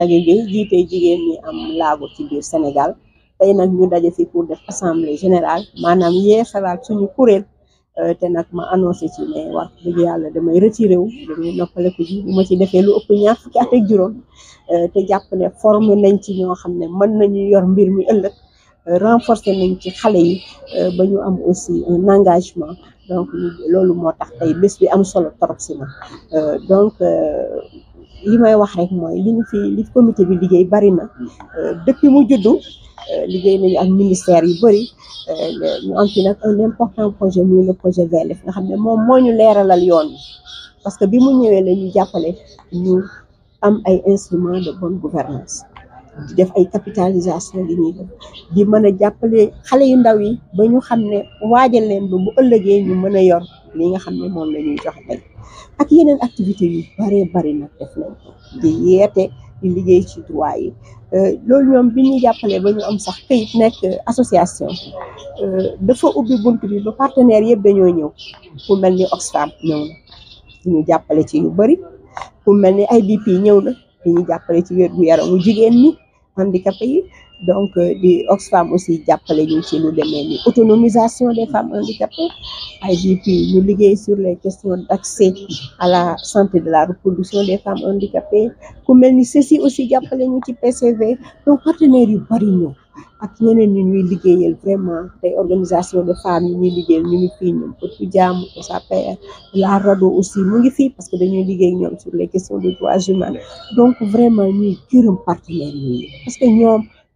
Daje bi jiite jigéen ñi am laago ci biir Senegal, tey nag ñu daje fi pur def général maanaam manam yeesalaat suñu kureel, euh, te nag ma anonsé ci ne wax dëg Yàlla damay retiire wu, damay noppaleku ji, bu ma ci defee lu ëpp ñaar fukki at euh, te jàpp ne formé nañ ci ñoo xam ne mën nañu yor mbir mi ëllëg, euh, renforcé nañ ci xale yi ba ñu am aussi un engagement, donc loolu moo tax tey bés bi am solo torop si man donc. li may wax rek mooy li ñu fi li comité bi liggéey bari na depuis mu juddu liggéey nañu ak ministère yu bëri ñu am fi nag un important projet muy le projet VLF nga xam ne moom moo ñu leeralal yoon bi parce que bi mu ñëwee la ñu jàppale ñu am ay instruments de bonne gouvernance di def ay capitalisation li ñuy def di mën a jàppale xale yu ndaw yi ba ñu xam ne waajal leen ba bu ëllëgee ñu mën a yor li nga xam ne moom lañuy ñuy joxe tey ak yeneen activité yu baree bari nag def nañ ko di yeete di liggéey ci droit yi euh, loolu ñoom bi ñuy jàppalee ba ñu am sax këyit nekk euh, association euh, dafa ubbi bunt bi ba partenaire yëpp dañoo ñëw ku mel ni Oxfam ñëw na ñu jàppale ci yu bari ku mel ni IBP ñëw na ñu jàppale ci wér gu yaramu jigéen ñi handicapé yi donc euh, di Oxfam aussi jàppale ñu ci lu demee ni autonomisation des femmes handicapées AGP nous liggéey sur les questions d'accès à la santé de la reproduction des femmes handicapées ku mel ni ceci aussi jàppale ñu ci PCV donc partenaires yu bari ñëw ak ñeneen ñu nous vraiment Les organisations de femmes nous liguons Nous ñu ngi pour tout pour pour sa paix la radio aussi nous ngi parce que dañuy liggéey sur les questions de droits humains donc vraiment ñuy gërëm partenaires parce que nous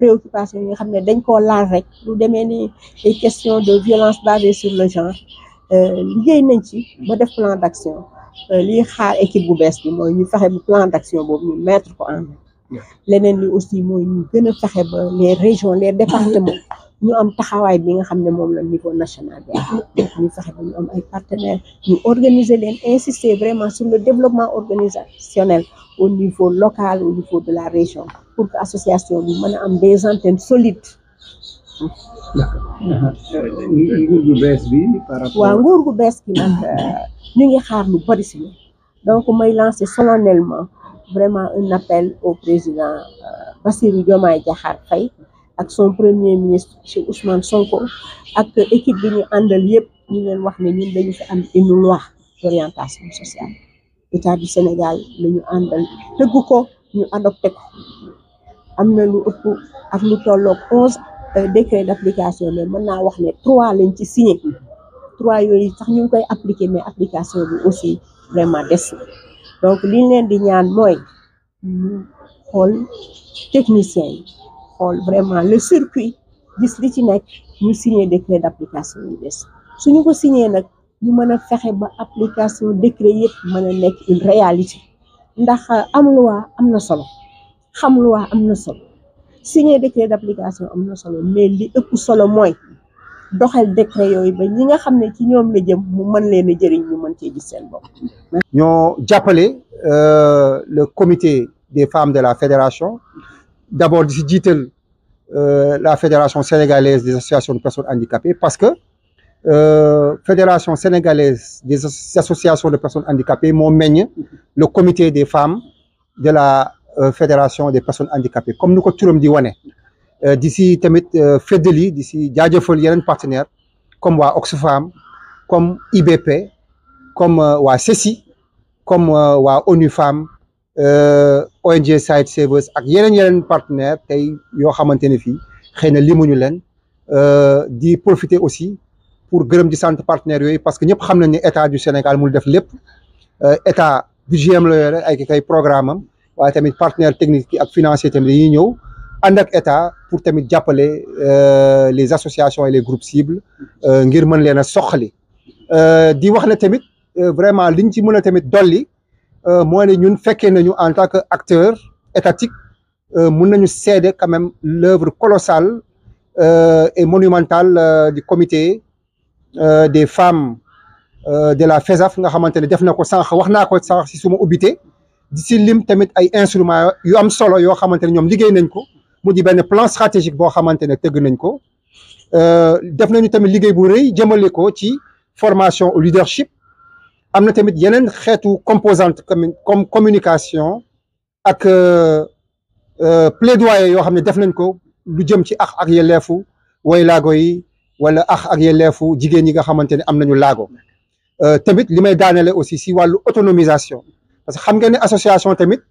préoccupation yi nga xam dañ ko laal rek lu demee ni ay de violence basée sur le genre euh, liggéey nañ ci ba def plan d'action euh, li xaar équipe bu bees bi moy ñu fexe bu plan d'action pour ñu mettre ko en leneen li aussi moy ñu gëna ba les régions les départements ñu am taxawaay bi nga xam ne la niveau national bi ñu fexe ba ñu am ay partenaires ñu organiser leen insister vraiment sur le développement organisationnel au niveau local au niveau de la région pour que association bi mën a am des antennes solides. nguur gu bees bi par rapport waaw nguur gu bees bi euh, xaar lu bari donc may lancer solennellement vraiment un appel au président euh, Bassirou Diomaye Diakhar Faye ak son premier ministre monsieur Ousmane Sonko ak équipe bi ñu àndal yëpp ñu leen wax ne ñun dañu am une loi d'orientation sociale état du Sénégal la ñu àndal tëgg ko ñu adopté nous avons 11 décrets d'application. Mais nous avons 3 signés. signé. 3 lignes qui sont appliquées, mais l'application est aussi vraiment dessus. Donc, ce que nous avons dit, technicien, vraiment le circuit, nous avons signé décrets d'application. Si nous avons signé, nous avons fait l'application des décrets, nous avons une réalité. Nous avons une loi, nous avons une solution xam loi am na solo signer décret d'application am na solo mais li ëpp solo mooy doxal décret yooyu ba ñi nga xam ne ci ñoom la jëm mu mën leen jëriñ ñu mën cee gis seen bopp. ñoo jàppale euh, le comité des femmes de la fédération d'abord di si jiital euh, la fédération sénégalaise des associations de personnes handicapées parce que euh, fédération sénégalaise des associations de personnes handicapées moo meññ le comité des femmes de la euh, fédération des personnes handicapées comme nous le turam di wane euh, di d'ici, tamit euh, fédeli d'ici comme Oxfam comme IBP comme wa CECI comme wa ONU Femmes ONG Site Savers ak yenen yenen partenaire tay yo xamante fi xeyna qui len euh di profiter aussi pour gërëm di partenaires parce que nous xam nañ l'État état du Sénégal mu def lépp état du am avec ay waaye tamit partenaire technique ak financier tamit pour euh, les associations et les groupes cibles euh, ngir mën leen a euh, di wax tamit vraiment liñ ci en tant que acteur étatique quand même l'œuvre colossale et monumentale du comité des femmes de la FESAF e nga si lim tamit ay instruments yu am solo yoo xamante ne ñoom liggéey nañ ko mu di benn plan stratégique boo xamante ne tëgg nañ ko euh, def nañu tamit liggéey bu rëy jëmale ko ci formation au leadership am na tamit yeneen xeetu composante comme communication ak euh, euh, plaidoyer yoo xam ne def nañ ko lu jëm ci ax ak yelleefu way laago yi wala ax ak yelleefu jigéen yi nga xamante ne am nañu laago tamit li may daanele aussi si wàllu autonomisation parce que xam ngeen ne association tamit